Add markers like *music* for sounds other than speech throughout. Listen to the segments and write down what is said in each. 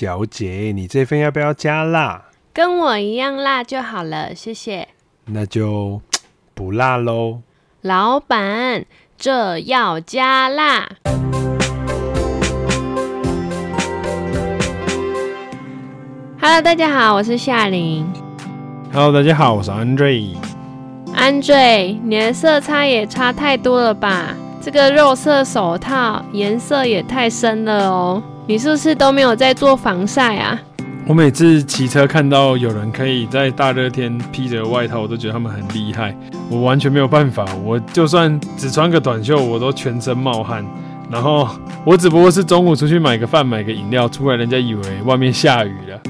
小姐，你這份要不要加辣？跟我一樣辣就好了，謝謝。那就不辣嘍。老闆，這要加辣。 *music* Hello，大家好，我是夏琳。Hello，大家好，我是 Andre。Andre，你的色差也差太多了吧？這個肉色手套顏色也太深了哦。你是不是都沒有在做防曬啊？我每次騎車看到有人可以在大熱天披着外套，我都覺得他們很厲害。我完全沒有辦法，我就算只穿個短袖，我都全身冒汗。然後我只不過是中午出去買個飯、買個飲料，出來人家以為外面下雨了。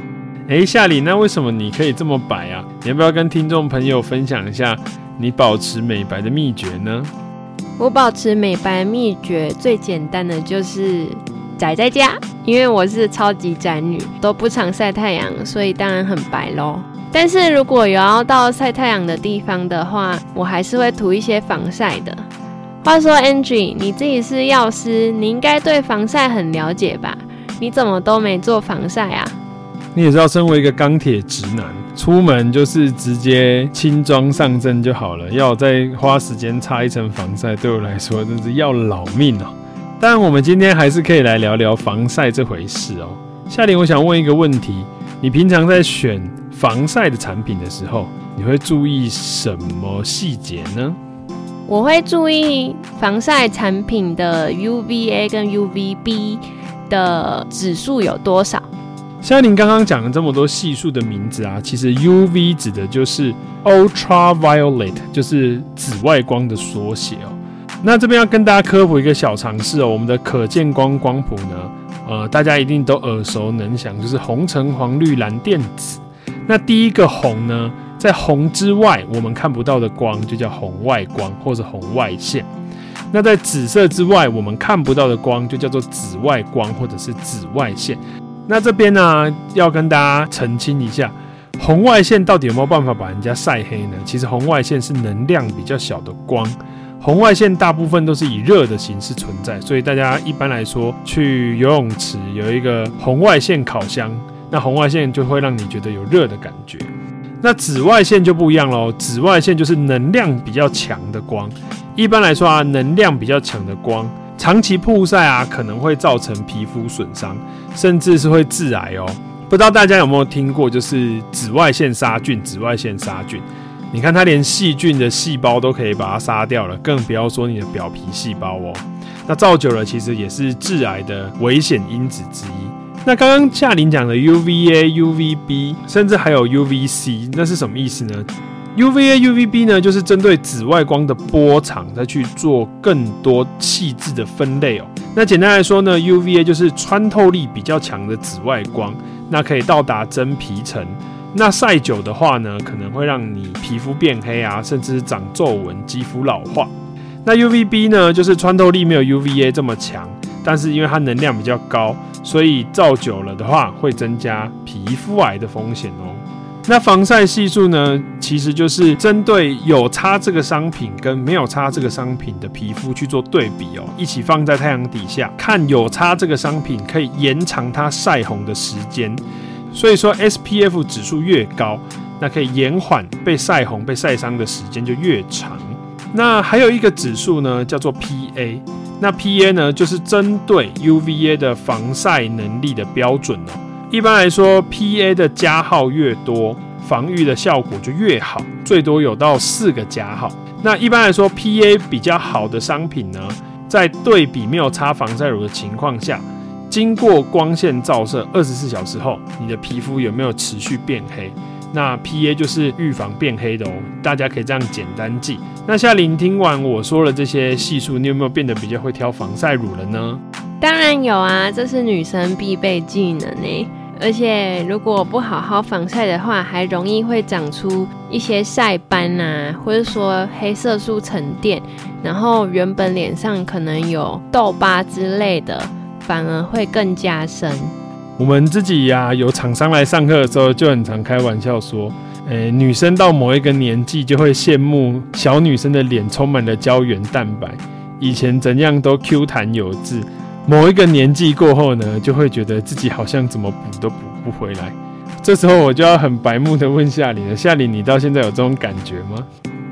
哎、欸，夏琳，那為什麼你可以這麼白啊？你要不要跟聽眾朋友分享一下你保持美白的秘訣呢？我保持美白秘訣最簡單的就是。宅在家。因為我是超級宅女，都不常曬太陽，所以當然很白咯。但是如果有要到曬太陽的地方的話，我還是會塗一些防曬的。話說，Andre，你自己是藥師，你應該對防曬很了解吧？你怎麼都沒做防曬啊？你也是要身為一個鋼鐵直男，出門就是直接輕裝上陣就好了。要再花時間擦一層防曬，對我來說真是要老命啊！但我們今天還是可以來聊聊防曬這回事哦、喔。夏琳，我想問一個問題：你平常在選防曬的產品的時候，你會注意什麼細節呢？我會注意防曬產品的 UVA 跟 UVB 的指數有多少。夏琳剛剛講了這麼多系數的名字啊，其實 UV 指的就是 ultraviolet，就是紫外光的縮寫哦。那這邊要跟大家科普一個小常識哦，我們的可見光光譜呢，呃，大家一定都耳熟能詳，就是紅橙黃綠藍靛紫。那第一個紅呢，在紅之外我們看不到的光就叫紅外光或者紅外線。那在紫色之外我們看不到的光就叫做紫外光或者是紫外線。那這邊呢，要跟大家澄清一下，紅外線到底有沒有辦法把人家曬黑呢？其實紅外線是能量比較小的光。紅外線大部分都是以熱的形式存在，所以大家一般來說去游泳池有一個紅外線烤箱，那紅外線就會讓你覺得有熱的感覺。那紫外線就不一樣嘍，紫外線就是能量比較強的光。一般來說啊，能量比較強的光，長期曝曬啊，可能會造成皮膚損傷，甚至是會致癌哦、喔。不知道大家有沒有聽過，就是紫外線殺菌，紫外線殺菌。你看，它連細菌的細胞都可以把它殺掉了，更不要說你的表皮細胞哦、喔。那照久了，其實也是致癌的危險因子之一。那剛剛夏琳講的 UVA、UVB，甚至還有 UVC，那是什麼意思呢？UVA、UVB 呢，就是針對紫外光的波長，再去做更多細緻的分類哦、喔。那簡單來說呢，UVA 就是穿透力比較強的紫外光，那可以到達真皮層。那曬久的話呢，可能會讓你皮膚變黑啊，甚至長皺紋、肌膚老化。那 UVB 呢，就是穿透力沒有 UVA 這麼強，但是因為它能量比較高，所以照久了的話會增加皮膚癌的風險哦。那防曬係數呢，其實就是針對有擦這個商品跟沒有擦這個商品的皮膚去做對比哦，一起放在太陽底下，看有擦這個商品可以延長它曬紅的時間。所以說 SPF 指數越高，那可以延緩被曬紅、被曬傷的時間就越長。那還有一個指數呢，叫做 PA。那 PA 呢，就是針對 UVA 的防曬能力的標準哦。一般來說，PA 的加號越多，防禦的效果就越好，最多有到四個加號。那一般來說，PA 比較好的商品呢，在對比沒有擦防曬乳的情況下。經過光線照射二十四小時後，你的皮膚有沒有持續變黑？那 PA 就是預防變黑的哦。大家可以這樣簡單記。那夏琳聽完我說了這些係數，你有沒有變得比較會挑防曬乳了呢？當然有啊，這是女生必備技能呢。而且如果不好好防曬的話，還容易會長出一些曬斑啊，或者說黑色素沉澱，然後原本臉上可能有痘疤之類的。反而會更加深。我們自己呀、啊，有廠商來上課的時候，就很常開玩笑說，誒、欸，女生到某一個年紀就會羨慕小女生的臉充滿了膠原蛋白，以前怎樣都 Q 彈有致，某一個年紀過後呢，就會覺得自己好像怎麼補都補不回來。這時候我就要很白目的問夏玲了：夏玲，你到現在有這種感覺嗎？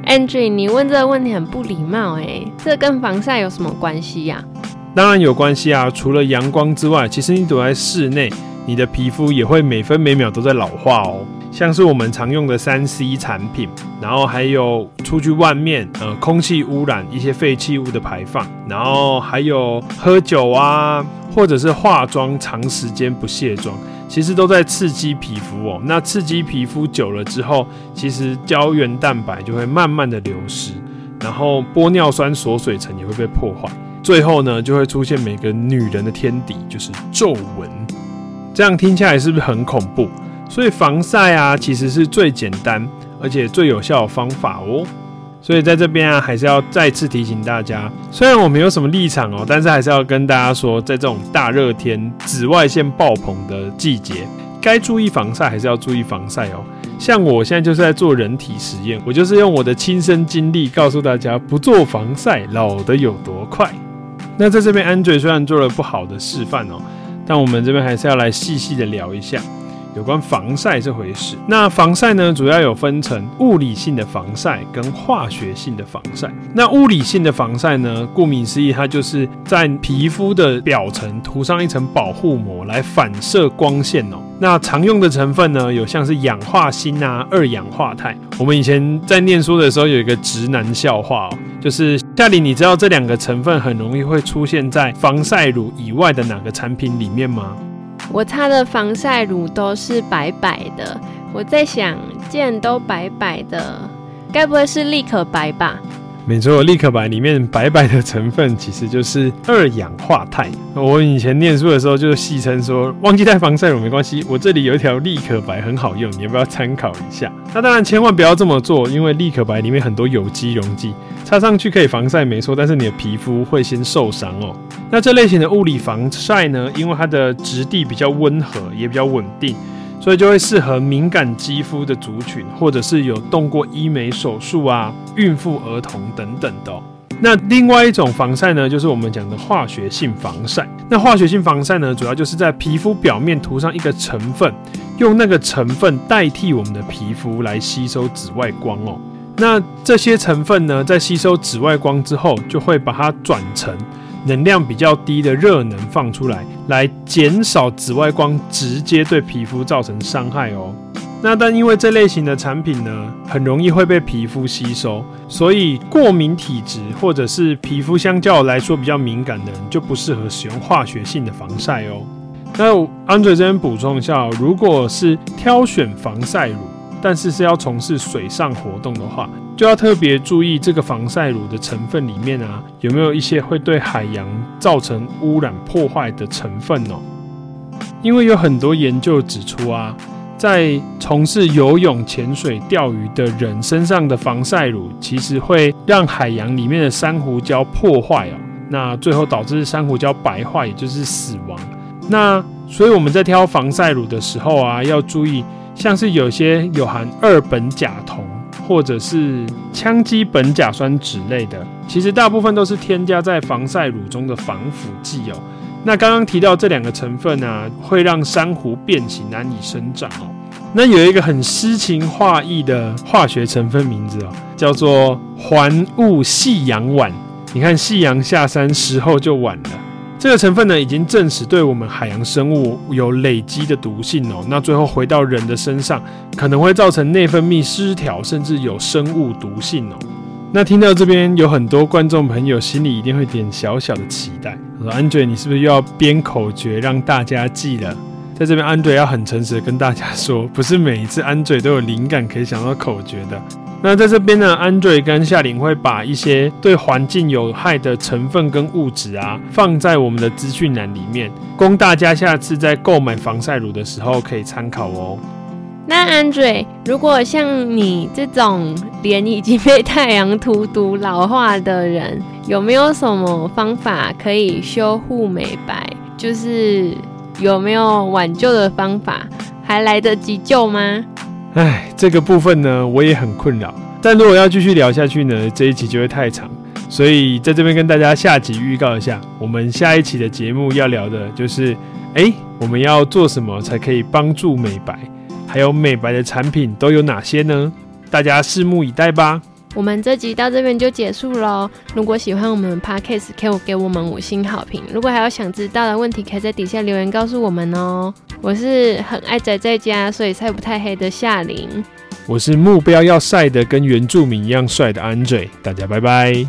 a n g r e 你問這個問題很不禮貌誒、欸，這跟防曬有什麼關係呀、啊？當然有關係啊！除了陽光之外，其實你躲在室內，你的皮膚也會每分每秒都在老化哦。像是我們常用的三 C 產品，然後還有出去外面，呃，空氣污染、一些廢棄物的排放，然後還有喝酒啊，或者是化妝，長時間不卸妝，其實都在刺激皮膚哦。那刺激皮膚久了之後，其實膠原蛋白就會慢慢的流失，然後玻尿酸鎖水層也會被破壞。最後呢，就會出現每個女人的天敵，就是皺紋。這樣聽起來是不是很恐怖？所以防曬啊，其實是最簡單而且最有效的方法哦。所以在這邊啊，還是要再次提醒大家，雖然我沒有什麼立場哦，但是還是要跟大家說，在這種大熱天、紫外線爆棚的季節，該注意防曬還是要注意防曬哦。像我現在就是在做人體實驗，我就是用我的親身經歷告訴大家，不做防曬老得有多快。那在這邊，Andre 雖然做了不好的示範哦，但我們這邊還是要來細細的聊一下有關防曬這回事。那防曬呢，主要有分成物理性的防曬跟化學性的防曬。那物理性的防曬呢，顧名思義，它就是在皮膚的表層塗上一層保護膜來反射光線哦、喔。那常用的成分呢，有像是氧化鋅啊、二氧化鈦。我們以前在念書的時候，有一個直男笑話，哦，就是。夏琳，你知道這兩個成分很容易會出現在防曬乳以外的哪個產品裡面嗎？我擦的防曬乳都是白白的，我在想，既然都白白的，該不會是立可白吧？沒錯，立可白裡面白白的成分其實就是二氧化鈦。我以前念書的時候就戲稱說，忘記帶防曬乳沒關係，我這裡有一條立可白很好用，你要不要參考一下？那當然千萬不要這麼做，因為立可白裡面很多有機溶劑，擦上去可以防曬沒錯，但是你的皮膚會先受傷哦、喔。那這類型的物理防曬呢，因為它的質地比較溫和，也比較穩定。所以就會適合敏感肌膚的族群，或者是有動過醫美手術啊、孕婦、兒童等等的喔。那另外一種防曬呢，就是我們講的化學性防曬。那化學性防曬呢，主要就是在皮膚表面塗上一個成分，用那個成分代替我們的皮膚來吸收紫外光哦喔。那這些成分呢，在吸收紫外光之後，就會把它轉成。能量比較低的熱能放出來，來減少紫外光直接對皮膚造成傷害哦、喔。那但因為這類型的產品呢，很容易會被皮膚吸收，所以過敏體質或者是皮膚相較來說比較敏感的人就不適合使用化學性的防曬哦、喔。那 Andre 這邊補充一下，如果是挑選防曬乳，但是是要從事水上活動的話，就要特別注意，這個防曬乳的成分裡面啊，有沒有一些會對海洋造成污染、破壞的成分哦。因為有很多研究指出啊，在從事游泳、潛水、釣魚的人身上的防曬乳，其實會讓海洋裡面的珊瑚礁破壞哦，那最後導致珊瑚礁白化，也就是死亡。那所以我們在挑防曬乳的時候啊，要注意，像是有些有含二苯甲酮，或者是羥基苯甲酸酯類的，其實大部分都是添加在防曬乳中的防腐劑哦、喔。那剛剛提到這兩個成分呢、啊，會讓珊瑚變形，難以生長哦、喔。那有一個很詩情畫意的化學成分名字哦、喔，叫做環戊矽氧烷。你看夕陽下山時候就晚了。這個成分呢，已經證實對我們海洋生物有累積的毒性哦。那最後回到人的身上，可能會造成內分泌失調，甚至有生物毒性哦。那聽到這邊有很多觀眾朋友心裡一定會點小小的期待，說：“Andre，你是不是又要編口訣讓大家記了？”在這邊，Andre 要很誠實的跟大家說，不是每一次 Andre 都有靈感可以想到口訣的。那在這邊呢 Andre 跟夏琳會把一些對環境有害的成分跟物質啊，放在我們的資訊欄裡面，供大家下次在購買防曬乳的時候可以參考哦。那 Andre 如果像你這種臉已經被太陽荼毒老化的人，有沒有什麼方法可以修護美白？就是有沒有挽救的方法，還來得及救嗎？哎，這個部分呢，我也很困擾。但如果要繼續聊下去呢，這一集就會太長，所以在這邊跟大家下集預告一下，我們下一期的節目要聊的就是，哎、欸，我們要做什麼才可以幫助美白？還有美白的產品都有哪些呢？大家拭目以待吧。我們這集到這邊就結束囉。如果喜歡我們的 Podcast，可以給我們五星好評。如果還有想知道的問題，可以在底下留言告訴我們哦、喔。我是很愛宅在家，所以曬不太黑的夏琳。我是目標要曬得跟原住民一樣帥的 Andre。大家拜拜。